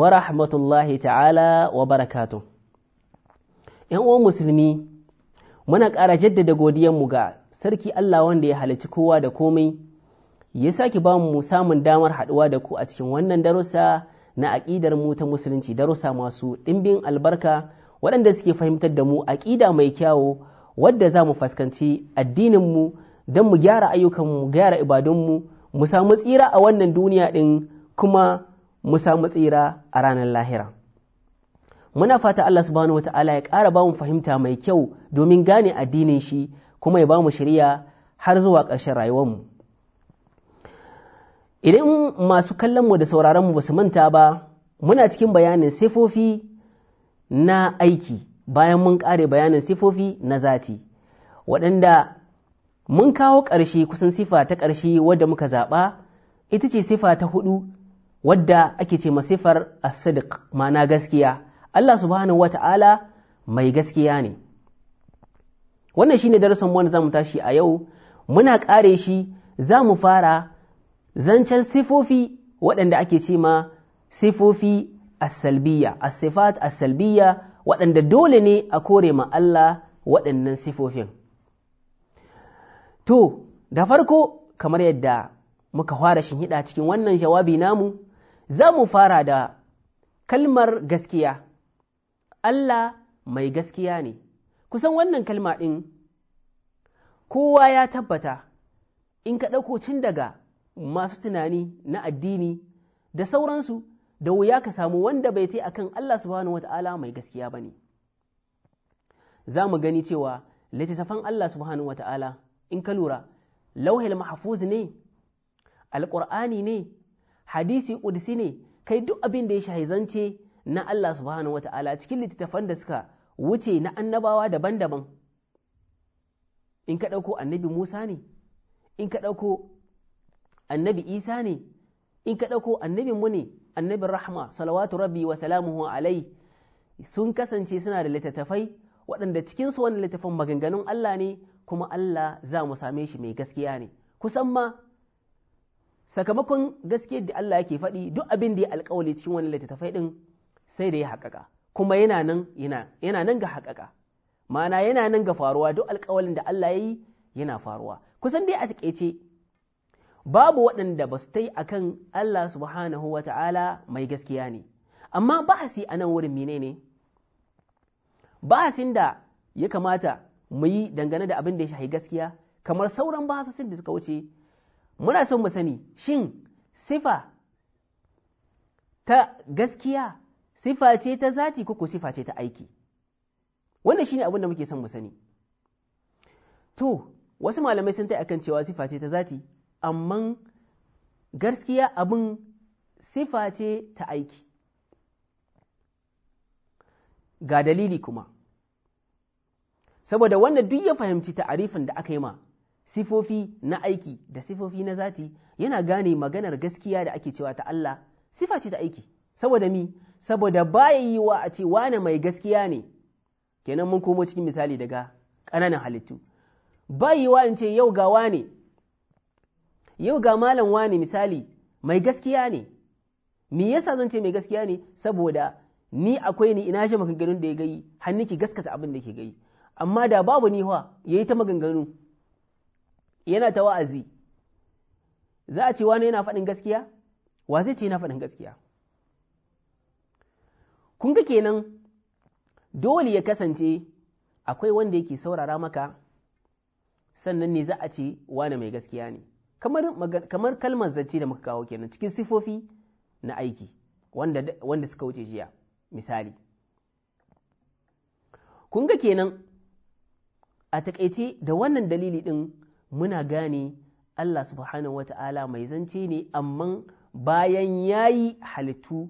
wa rahmatullahi ta'ala wa barakatu. ‘Yan uwan musulmi, muna ƙara jaddada godiyanmu ga sarki Allah wanda ya halarci kowa da komai, ya sake ba mu samun damar haɗuwa da ku a cikin wannan darussa na aƙidar mu ta musulunci, darussa masu ɗimbin albarka waɗanda suke fahimtar da mu aƙida mai kyawu wadda za mu fuskanci addininmu don mu gyara ayyukanmu, gyara ibadunmu, mu samu tsira a wannan duniya ɗin kuma mu samu tsira a ranar lahira muna fata Allah subhanahu wata'ala ya ƙara ba mu fahimta mai kyau domin gane addinin shi kuma ya ba mu shirya har zuwa ƙarshen rayuwarmu idan masu kallon mu da sauraron mu ba su manta ba muna cikin bayanin sifofi na aiki bayan mun ƙare bayanin sifofi na zati waɗanda mun kawo ƙarshe kusan sifa ta ƙarshe wadda muka zaɓa ita ce sifa ta huɗu. wadda ake ce masifar as-sidq ma'ana gaskiya Allah subhanahu wata'ala mai gaskiya ne wannan shine darasin mu wanda zamu tashi a yau muna kare shi za mu fara zancen sifofi waɗanda ake ce ma sifofi as-salbiyya as-sifat as-salbiyya waɗanda dole ne a kore ma Allah waɗannan sifofin to da farko kamar yadda muka fara shinhiɗa cikin wannan jawabi namu za mu fara da kalmar gaskiya Allah mai gaskiya ne kusan wannan kalma ɗin kowa ya tabbata in ka ɗauko cin daga masu tunani na addini da sauransu da wuya ka samu wanda bai ta akan Allah subhanahu wata'ala mai gaskiya ba ne za mu gani cewa littattafan Allah subhanahu wata'ala in ka lura lauhil mahfuz ne alƙur'ani ne hadisi ƙudsi ne kai duk abin da ya shahizance na Allah subhanahu wata'ala cikin littattafan da suka wuce na annabawa daban-daban in ka ɗauko annabi Musa ne in ka ɗauko annabi Isa ne in ka ɗauko annabi mu ne annabin rahma salawatu rabbi wa salamuhu alai sun kasance suna da littattafai waɗanda cikinsu wani littattafan maganganun Allah ne kuma Allah za mu same shi mai gaskiya ne kusan ma sakamakon gaske da Allah yake faɗi duk abin da ya alƙawali cikin wani littattafai ɗin sai da ya haƙaƙa kuma yana nan yana yana nan ga haƙaƙa ma'ana yana nan ga faruwa duk alƙawalin da Allah ya yi yana faruwa kusan dai a taƙaice babu waɗanda ba su tai akan Allah subhanahu wa ta'ala mai gaskiya ne amma bahasi a nan wurin menene ne bahasin da ya kamata mu yi dangane da abin da ya shahi gaskiya kamar sauran bahasusin da suka wuce muna son mu sani shin sifa ta gaskiya sifa ce ta zati ko ko sifa ce ta aiki wannan shine abin da muke son mu sani to wasu malamai sun ta akan cewa sifa ce ta zati amma gaskiya abin sifa ce ta aiki ga dalili kuma saboda wannan duk ya fahimci ta'arifin da aka yi ma sifofi na aiki da sifofi na zati yana gane maganar gaskiya da ake cewa ta Allah sifa ce ta aiki saboda mi saboda baya yi wa a ce wane mai gaskiya ne kenan mun komo cikin misali daga ƙananan halittu ba yi wa in ce yau ga wane yau ga malam wane misali mai gaskiya ne me yasa zan ce mai gaskiya ne saboda ni akwai ni ina shi maganganun da ya gayi hannu ki gaskata abin da ke gai. amma da babu ni yayi ta maganganu yana ta wa'azi za a ce wani yana faɗin gaskiya wa zai ce yana faɗin gaskiya kun ga kenan dole ya kasance akwai wanda yake saurara maka sannan ne za a ce wani mai gaskiya ne kamar kalmar zance da muka kawo kenan cikin sifofi na aiki wanda, suka wuce jiya misali kun ga kenan a takaice da wannan dalili ɗin muna gane Allah subhanahu wata'ala mai zance ne amma bayan ya yi halittu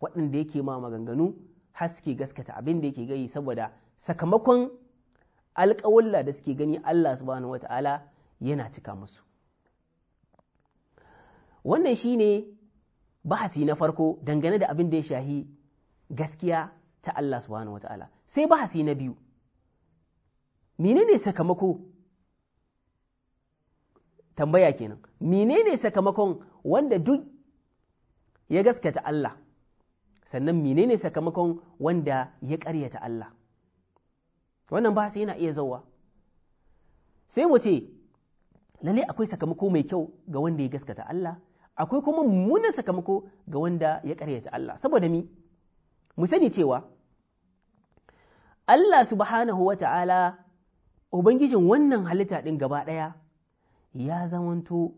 waɗanda yake ma maganganu haske gaskata abin da yake gani saboda sakamakon alƙawalla da suke gani Allah subhanahu wata'ala yana cika musu wannan shi ne bahasi na farko dangane da abin da ya shahi gaskiya ta Allah subhanahu wata'ala sai bahasi na biyu menene sakamako tambaya kenan menene sakamakon wanda duk ya gaskata Allah sannan menene sakamakon wanda ya ƙaryata Allah wannan ba sai yana iya zauwa sai mu ce lalle akwai sakamako mai kyau ga wanda ya gaskata Allah akwai kuma mummunan sakamako ga wanda ya ƙaryata Allah saboda mi mu sani cewa Allah subhanahu wa ta'ala ubangijin wannan halitta ɗin gaba ɗaya ya zamanto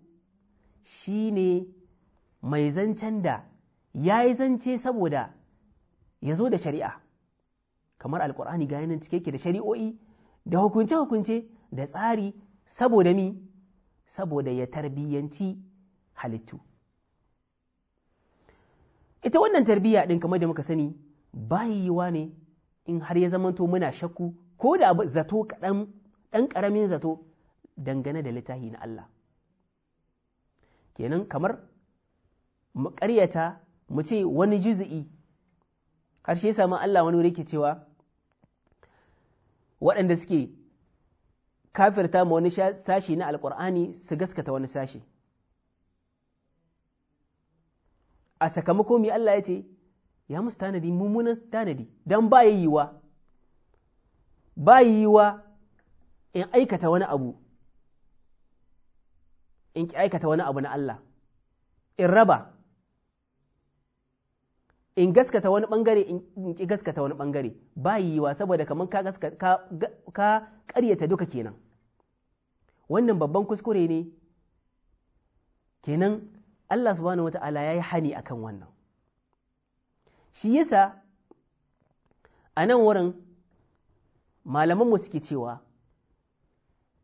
shi ne mai zancen da ya yi zance saboda ya zo da shari'a kamar alkur'ani ga yanar cike da shari'o'i da hukunce-hukunce da tsari saboda mi saboda ya tarbiyyanci halittu ita wannan tarbiyya ɗin kamar da muka sani bayiwa ne in har ya zamanto muna shakku ko da zato kaɗan ɗan ƙaramin zato dangane da littafi na Allah kenan kamar ƙaryata mu ce wani juzi'i har shi ya samu Allah wani wuri ke cewa waɗanda suke kafirta ma wani sashi na alƙur'ani su gaskata wani sashi a sakamako mai Allah ya ce ya musu tanadi mummunan tanadi don ba yiwuwa ba yiwuwa in aikata wani abu in ki aikata wani abu na Allah in raba in gaskata wani bangare in ki gaskata wani bangare ba yiwa saboda kamar ka ka ƙaryata duka kenan wannan babban kuskure ne kenan Allah subhanahu wata'ala ya yi hani a kan wannan shi yasa anan nan wurin malamanmu suke cewa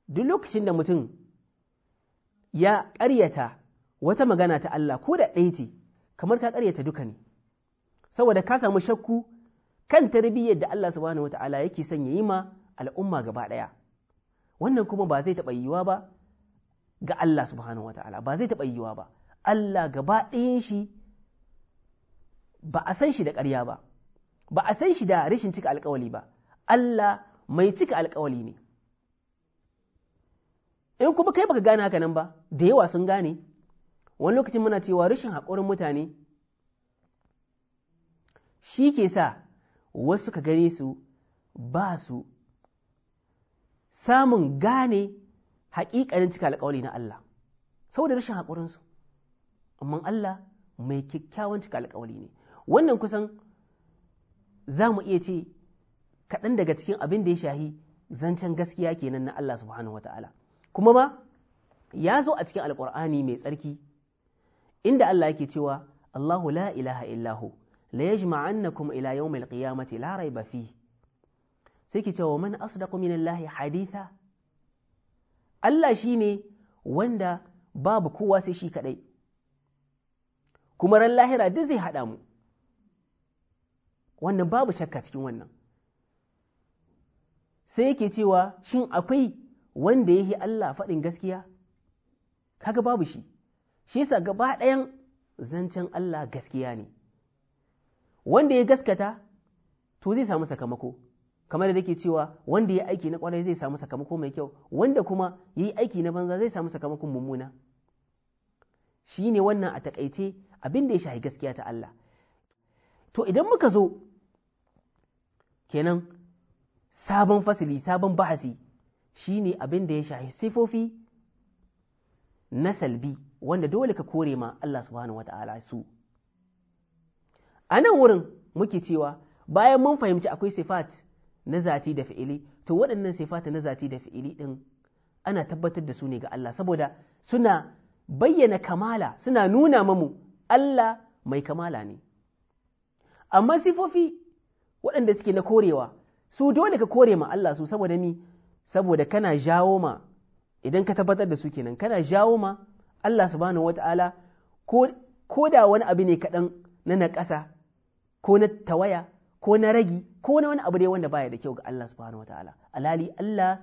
duk lokacin da mutum ya ƙaryata wata magana ta Allah ko da ɗaya ce kamar ka ƙaryata duka ne saboda ka samu shakku kan tarbiyyar da Allah subhanahu wata'ala yake son yi ma al'umma gaba ɗaya wannan kuma ba zai taɓa yiwuwa ba ga Allah subhanahu wata'ala ba zai taɓa yiwuwa ba Allah gaba ɗayan shi ba a san shi da ƙarya ba ba a san shi da rashin cika alƙawali ba Allah mai cika alƙawali ne in eh, kuma kai baka gane haka nan ba da yawa sun gane wani lokacin muna cewa rashin haƙurin mutane shi ke sa wasu ka gane su ba su samun gane haƙiƙanin cika alƙawali na Allah saboda rashin haƙurinsu amma Allah mai kyakkyawan cika alƙawali ne wannan kusan za mu iya ce kaɗan daga cikin abin da ya shahi zancen gaskiya kenan na Allah subhanahu ta'ala. kuma ma ya zo a cikin alƙur'ani mai tsarki inda Allah yake cewa Allahu la ilaha illahu la yajma'annakum ila yawmil qiyamati la rayba fi sai ki cewa man asdaqu minallahi haditha Allah shine wanda babu kowa sai shi kadai kuma ran lahira duk zai hada mu wannan babu shakka cikin wannan sai yake cewa shin akwai wanda ya yi Allah faɗin gaskiya kaga babu shi shi sa gaba ɗayan zancen Allah gaskiya ne wanda ya gaskata to zai samu sakamako kamar da nake cewa wanda ya aiki na kwarai zai samu sakamako mai kyau wanda kuma ya yi aiki na banza zai samu sakamakon mummuna shi ne wannan a taƙaice abin da ya shahi gaskiya ta Allah to idan muka zo kenan sabon fasili sabon bahasi shi ne abin da ya shahi sifofi na salbi wanda dole ka kore ma Allah subhanahu wa ta'ala su a nan wurin muke cewa bayan mun fahimci akwai sifat na zati da fi'ili to waɗannan sifat na zati da fi'ili ɗin ana tabbatar da su ne ga Allah saboda suna bayyana kamala suna nuna mamu Allah mai kamala ne amma sifofi waɗanda suke na korewa su dole ka kore ma Allah su saboda mi saboda kana jawo ma idan ka tabbatar da su kenan kana jawo ma Allah subhanahu wata'ala ko da wani abu ne kaɗan na naƙasa ko na tawaya ko na ragi ko na wani abu dai wanda baya da kyau ga Allah subhanahu wata'ala alali Allah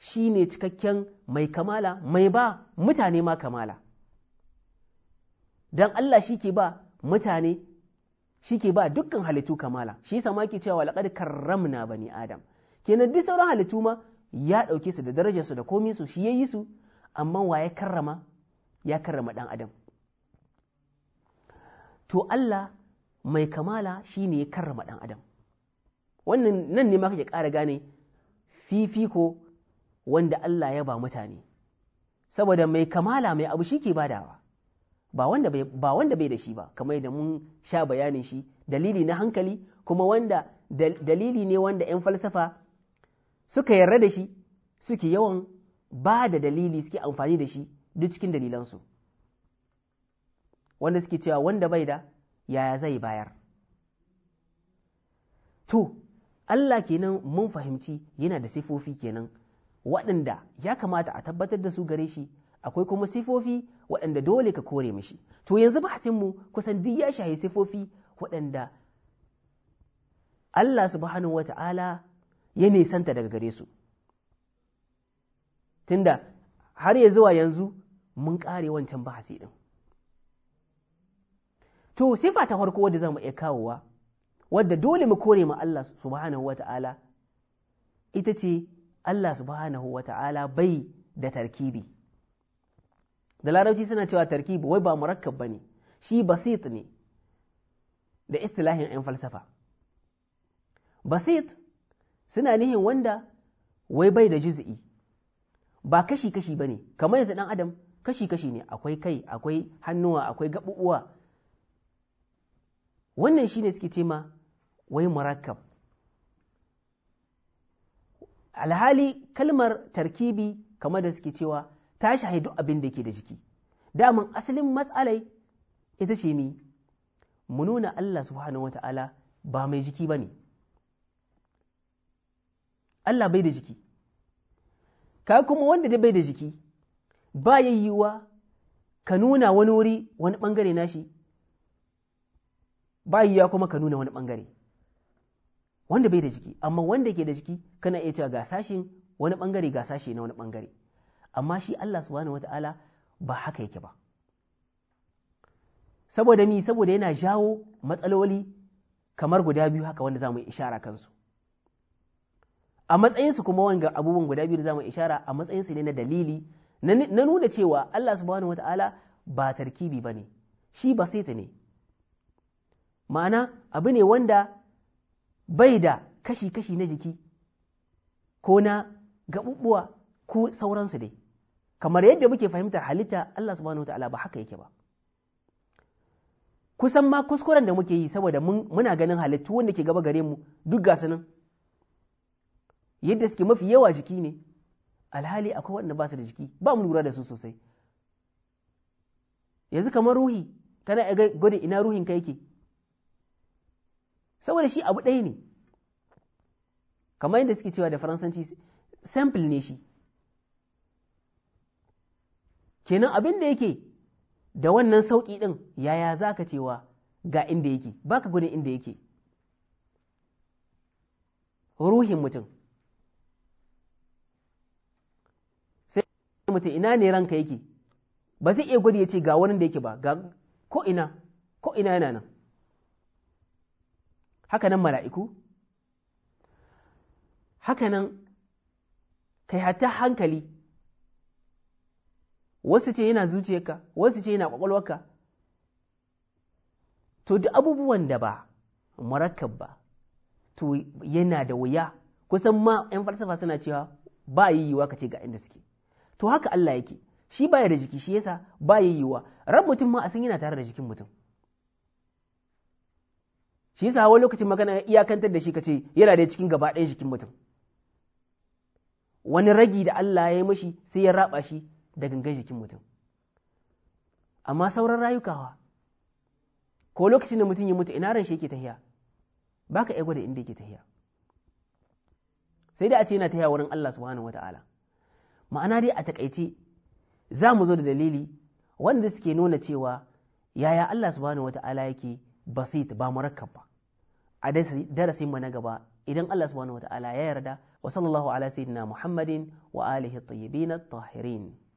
shi ne cikakken mai kamala mai ba mutane ma kamala don Allah shi ke ba mutane shi ke ba dukkan halittu kamala shi yasa ma ke cewa laqad karramna bani adam kenan duk sauran halittu ma ya ɗauke su da darajarsu da komai su shi ya yi su amma wa ya karrama ya karrama ɗan adam to Allah mai kamala shi ne ya karrama ɗan adam wannan nan ne ma kake ƙara gane fifiko wanda Allah ya ba mutane saboda mai kamala mai abu shi ke badawa ba wanda bai ba wanda bai da shi ba kamar yadda mun sha bayanin shi dalili na hankali kuma wanda dalili ne wanda 'yan falsafa suka yarda da shi suke yawan ba da dalili suke amfani da shi duk cikin dalilansu wanda suke cewa wanda bai da yaya zai bayar to Allah kenan mun fahimci yana da sifofi kenan waɗanda ya kamata a tabbatar da su gare shi akwai kuma sifofi waɗanda dole ka kore mishi to yanzu ba mu kusan duk ya shahi sifofi waɗanda Allah subhanahu wa ta'ala ya nisanta daga gare su tunda har ya zuwa yanzu mun ƙare wancan bahasi ɗin to sifa ta farko wadda za mu iya kawowa wadda dole mu kore ma Allah subhanahu wa ta'ala ita ce Allah subhanahu wa ta'ala bai da tarkibi da larabci suna cewa tarkibi wai ba murakkab ba ne shi basit ne da istilahin 'yan falsafa basit suna nihin wanda wai bai da juz'i ba kashi-kashi ba ne kamar yanzu ɗan adam kashi-kashi ne akwai kai akwai hannuwa akwai gaɓuɓuwa wannan shi ne suke ce ma wai murakkab alhali kalmar tarkibi kamar da suke cewa ta shahi duk abin da ke da jiki daman asalin matsalai ita ce mi mu nuna Allah subhanahu wata'ala ba mai jiki ba ne Allah bai da jiki ka kuma wanda dai bai da jiki ba ya yiwuwa ka nuna wani wuri wani bangare nashi ba yiwuwa kuma ka nuna wani bangare wanda bai da jiki amma wanda ke da jiki kana iya cewa ga sashen wani bangare ga sashe na wani bangare amma shi Allah subhanahu ta'ala ba haka yake ba saboda mi saboda yana jawo matsaloli kamar guda biyu haka wanda za mu ishara kansu a matsayinsu kuma wanga abubuwan guda biyu zamu ishara a su ne na dalili na nuna cewa Allah subhanahu wata'ala ba tarkibi ba ne shi basita ne ma'ana abu ne wanda bai da kashi-kashi na jiki ko na gaɓuɓɓuwa ko sauransu dai kamar yadda muke fahimtar halitta Allah subhanahu wata'ala ba haka yake ba kusan ma kuskuren da muke yi saboda muna ganin halittu wanda ke gaba gare mu duk gasu nan yadda suke mafi yawa jiki ne alhali akwai waɗanda ba su da jiki ba mu lura da su sosai yanzu kamar ruhi kana ga gudun ina ruhin ka yake saboda shi abu ɗaya ne kamar yadda suke cewa da faransanci sample ne shi kenan abin da yake da wannan sauƙi ɗin yaya za ka cewa ga inda yake ba ka gudun inda yake ruhin mutum mutum ina ne ranka yake ba zai iya gwada ya ce ga wani da yake ba ga ko ina ko ina yana nan haka nan mala'iku haka nan kai hatta hankali wasu ce yana zuciyarka wasu ce yana kwakwalwarka to duk abubuwan da ba murakkab ba to yana da wuya kusan ma 'yan falsafa suna cewa ba yi yiwa ka ce ga inda suke to haka Allah yake shi baya da jiki shi yasa ya yiwuwa ran mutum ma a san yana tare da jikin mutum shi yasa hawa lokacin magana iyakantar da shi kace yana da cikin gaba ɗayan jikin mutum wani ragi da Allah ya yi mashi sai ya raba shi da gangan jikin mutum amma sauran rayukawa ko lokacin da mutum ya mutu ina ran shi yake tahiya baka iya gwada inda yake tahiya sai da a ce yana tahiya wurin Allah subhanahu wata'ala ma'ana dai a takaice za mu zo da dalili wanda suke nuna cewa yaya Allah subhanahu wata'ala yake basit ba murakkab ba a darasin mu na gaba idan Allah subhanahu wata'ala ya yarda wa sallallahu ala sayyidina Muhammadin wa alihi at-tayyibin at-tahirin